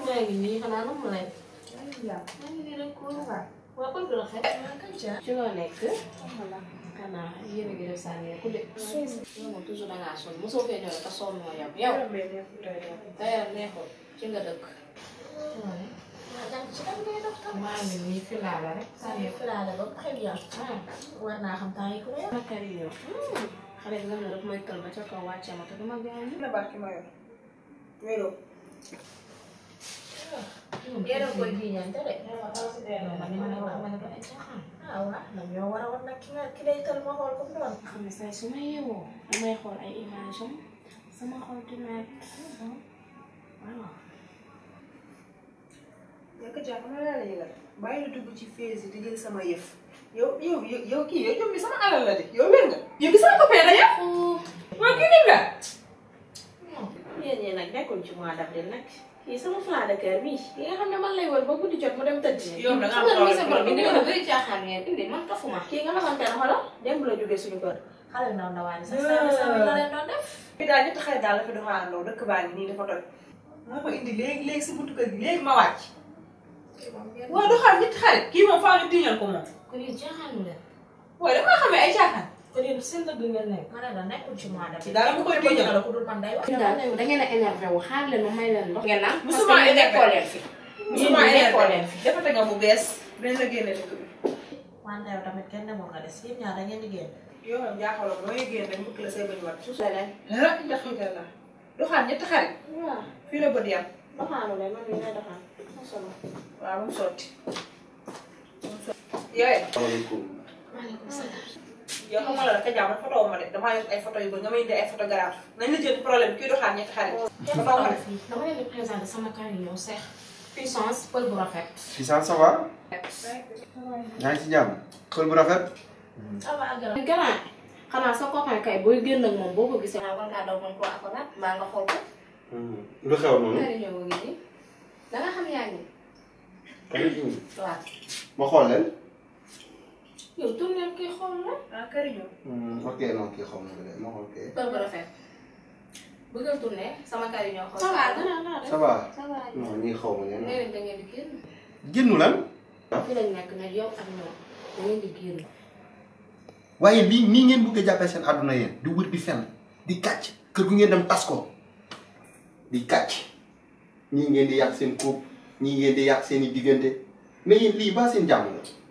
maa ngi nii xanaa mu lay. maa ngi nii rek kóor waaw. waaw kon du la xeeb. ci loo nekk. xanaa yéen a ngi def saa nekk de. yow moom toujours da ngaa sonn mosoo fee ñëw rek a sonn moo yow. yow dayal neexul ci nga dëkk. maa ngi nii filaala rek. saa nekk filaala ba xëy na. war naa xam temps yi ku ne. kër yi yow. xale bi nga xam ne daf may tënk ca kaw ma te dama gaañu. la barki ma yor wéro yéen a ngi koy jiiñante de. man ni ma ne ma ne ko ay caaxaan. ah waaw man ñoo war a war nag ki nga ki lay tël ma xool ko mu doon. xam nga saa su ma yeewoo damay xool ay image am sama xol dinaa waaw. léegi jàpp na laa la yëgal bàyyi la dugg ci fees yi di jël sama yëf yow yow yow kii yow jom bi sama alal la de yow wér nga yow bi sama copain la yow. waaw kii nii nga. yéen ñee nag nekkuñ ci mois d' avril nag kii sama flan de cœur mii ki nga xam ne man lay wër ba guddi jot mu dem tëdd. yow da ngaa xoolal sa bopp bi nga bëri caaxaan ngeen indi man tafuma. kii nga xamante ne xoolal démb la jógee suñu kër xale na ndawaani sax saa saa la leen doon def. fii daal ñetti xale daal la fi doxaandoo dëkk baa ngi nii dafa toj. moo ko indi léegi léegi si buntu kër gi léegi ma wàcc. waaw doxal ñetti xale kii moom faa ñu tiñal ko moom. kon yow caaxaan nga. waaye damaa xamee ay caaxaan te seen dëgg ngeen nekk. ma ne la nekkul ci mois d'avril. dara ku koy tëjal ku dul man day wax. da ngeen a énervé wu xaar leen ma may leen ndox. ngeen naan parce que ñu nekkoo leen fi. musuma nekkoo leen fi defate nga bu bees. benn la génne dëkk bi. wante yow tamit kenn demoon nga des yéen ñaar da ngeen di génn. yow nag jaaxaloon nooy génn rek mbëkk la say bañ war. suuf leneen. ah ndax nga la. doxaan ñetti xarit. waaw fii la bët yam. doxaanu leen man mii lay doxaan. waaw mu sotti. mu sotti. yooyu. asalaamaaleykum. maaleykum salaam. yow xam nga la Kaja man photo ma de damaa yor ay photo yu bëri nga may indi ay photographe nañ la jël problème kuy doxaat ñetti xarit. dafa war a def dama leen di présenter sama carillon pël bu rafet. puissance ça va. yaa jàmm pël bu rafet. ça xanaa sa copain kay booy génn moom boo ko gisee. war ngaa daw man koo akolaat maa nga xool ko. Hmm, lu xew noonu. carillon wu ngi nii da nga xam yaa ngi. ma xool leen. yow tournel kii xool na. ah kër yi hmm, ok non kii xool na de moo ok. kër bu rafet sama kër yi ñoo xool. ça va ça va ça ñii ngeen di génn. génnu lan. waaye lii nii ngeen bëgg a jàppee seen àdduna yéen di wër di fenn di kàcc kër gu ngeen dem tas di kàcc ñii ngeen di yàq seen kóob ñii ngeen di yàq seen i diggante mais yéen lii ba seen jàmm la.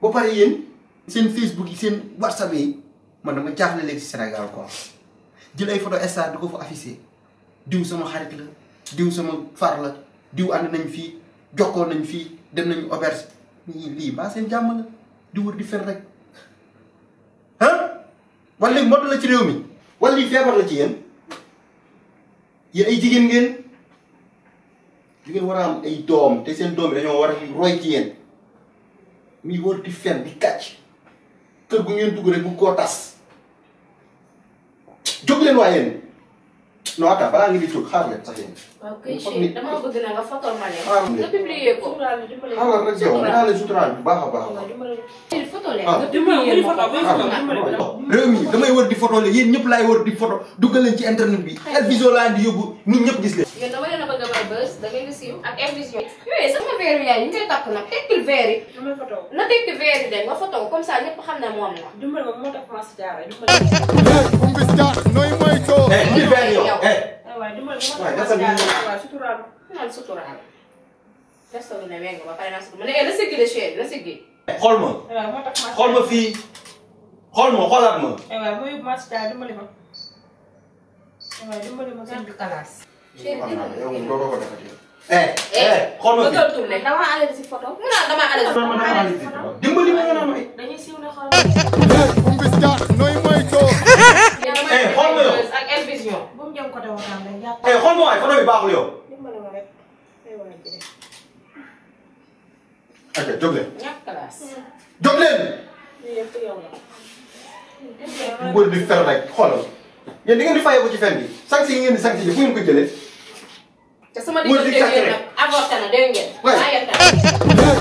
boo pare yéen seen Facebook yi seen WhatsApp yi man dama jaaxle léegi ci Sénégal quoi jël ay photo star di ko fa affiché diw sama xarit la diw sama far la diw ànd nañ fii jokkoo nañ fii dem nañu auberge nii lii maa seen jàmm la di wër di fen rek ah wala léegi mot la ci réew mi wala lii feebar la ci yéen yéen ay jigéen ngeen jigéen war a am ay doom te seen doom yi dañoo war a roy ci yéen mi wër di fen di kàcc kër gu ngeen dugg rek bu koo tas jóg leen waa yéen non attends balaa ngeen di jóg xaar leen sax yéen. waaw ma leen. nga publier ko. xaaral baax a baax. réew mi damay wër di foto la yéen ñëpp laay wër di foto duggal leen ci internet bi El Vision laa di yóbbu ñun ñëpp gis leen. yéen dama leen a bëgg a may bës da ngeen di siiw ak Elvision. sama verre yaay ñu ngi koy takk nag tekkil verre yi. dama foto na tekki verre yi de nga foto comme ça ñëpp xam ne moom la. dimbal moo tax France jaarale dimbal. moom bis jaar nooy moytoo. indi verre moo tax France jaarale waaw suturaal. naan suturaal. gëstu bi ma ne eh la siggi de chéri la siggi. xool ma. waaw moo tax France xool ma fii xool ma xoolaat ma. waaw mooy France jaarale dimbali ma. waaw dimbali ma gàtt kalaas. ko ko defati. Eh, eh, eh, xool ma fi dama allé si photo. mu naan dama allé si photo. dama allé si photo dimbali ma nga naan mooy. dañuy siiw ne xool. Mbis Diar nooy moytoo. xool ma yow ak El Vision. bu mu jëm côté waxtaan rek jàpp. xool ma waay photo bi baaxul yow. dimbali ma rek. ok jóg leen. ñàkk classe. jóg leen. góor di fer rek xoolal yéen di ngeen di fayeeku ci fen bi sanksi yi ngeen di sanksi yi fu ngeen ko jëlee. somebody su ma diggante ak yéen nag avorté na it.